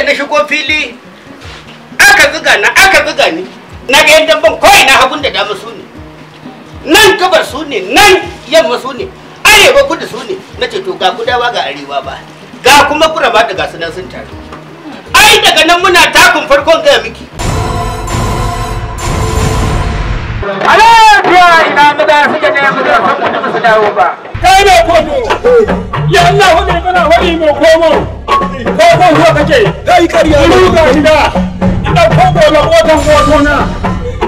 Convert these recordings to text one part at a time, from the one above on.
da na shigo fili aka ziga na aka ziga ni na ga yadda ban kawai na hagun da dama su ne nan gabar su ne nan yamma su ne arewa kudu su ne na ce to ga gudawa ga arewa ba ga kuma kurama da gasu nan sun taru ai daga nan muna takun farkon gaya miki Alafiya ina maza suke ne maza san wanda ba su dawo ba. Kai ne komo! Ya Allah wani kana wani mai komo! ko ko ruwa kake kai kariya ruwa ga gida ina ko bolo wata hoto na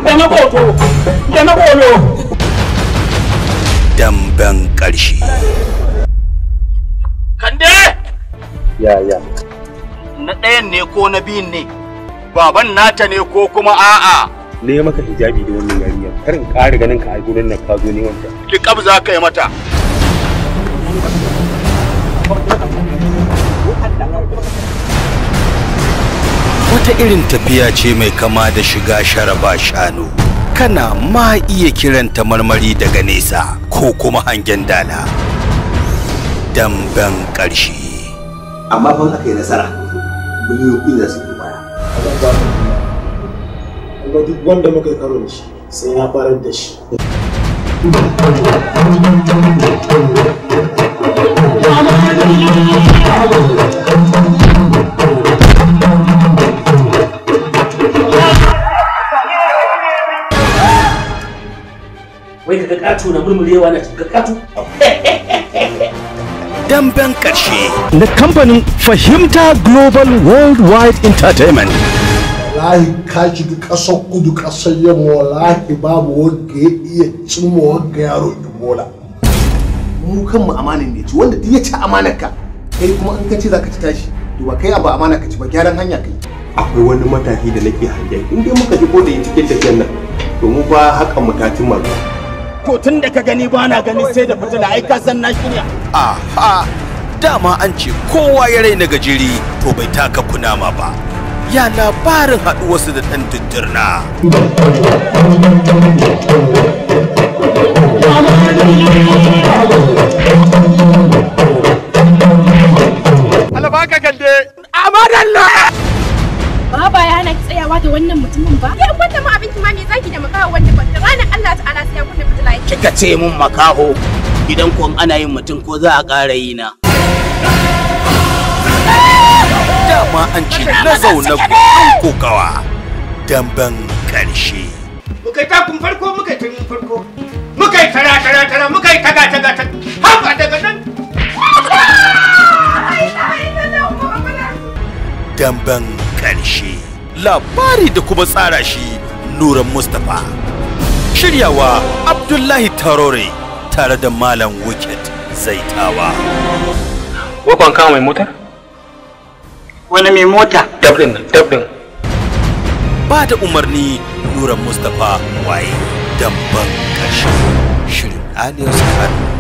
da na hoto da na bolo damben ƙarshe kande ya ya na ɗayan ne ko na biyun ne baban nata ne ko kuma a'a ne maka hijabi da wannan yarinyar kar in kare ganin ka a gurin nan ka zo ne wanda ki kabza kai mata wata irin tafiya ce mai kama da shiga sharaba shanu kana ma iya kiranta marmari daga nesa ko kuma hangen dala damben ƙarshe amma fa aka yi nasara yi biliyo za su yi baya amma duk wanda muka yi karo shi sai ya farar da shi wai ka katu na murmurewa na ka katu damben karshe na kamfanin fahimta global worldwide entertainment wallahi ka shiga ƙasar kudu ƙasar yamma wallahi babu wanda ya iya cimma wanda yaro ibola mu kanmu amanin ne ci wanda duk ya ci amanar ka kai kuma in ka ce zaka ci tashi to ba kai ba amana ka ci ba gyaran hanya kai akwai wani mataki da nake hange in dai muka ji ko da cikin tafiyar nan to mu ba hakan mu ta cimma to tun da ka gani ba na gani sai da fitila ai ka san na shirya aha dama an ce kowa ya raina gajiri to bai taka kunama ba ya labarin haɗuwarsu da ɗan tutturna. kulawa da wannan mutumin ba ya wanda ma abinki ma me zaki da makaho wanda ba ranar Allah ta'ala sai ya kunna fitila kika ce mun makaho idan kun ana yin mutum ko za a ƙara yi na dama an ce na zauna ku an kokawa damben ƙarshe muka yi takun farko muka yi tunin farko muka yi tara tara tara muka yi taga taga taga haka daga nan damben ƙarshe labari da kuma tsara shi nuran mustapha shiryawa abdullahi tarore tare da malam wicked zaitawa wakon kama mai motar wani mai mota dabdin dabdin ba da umarni nuran mustapha waye dabban ƙarshen shirin aliyu sahara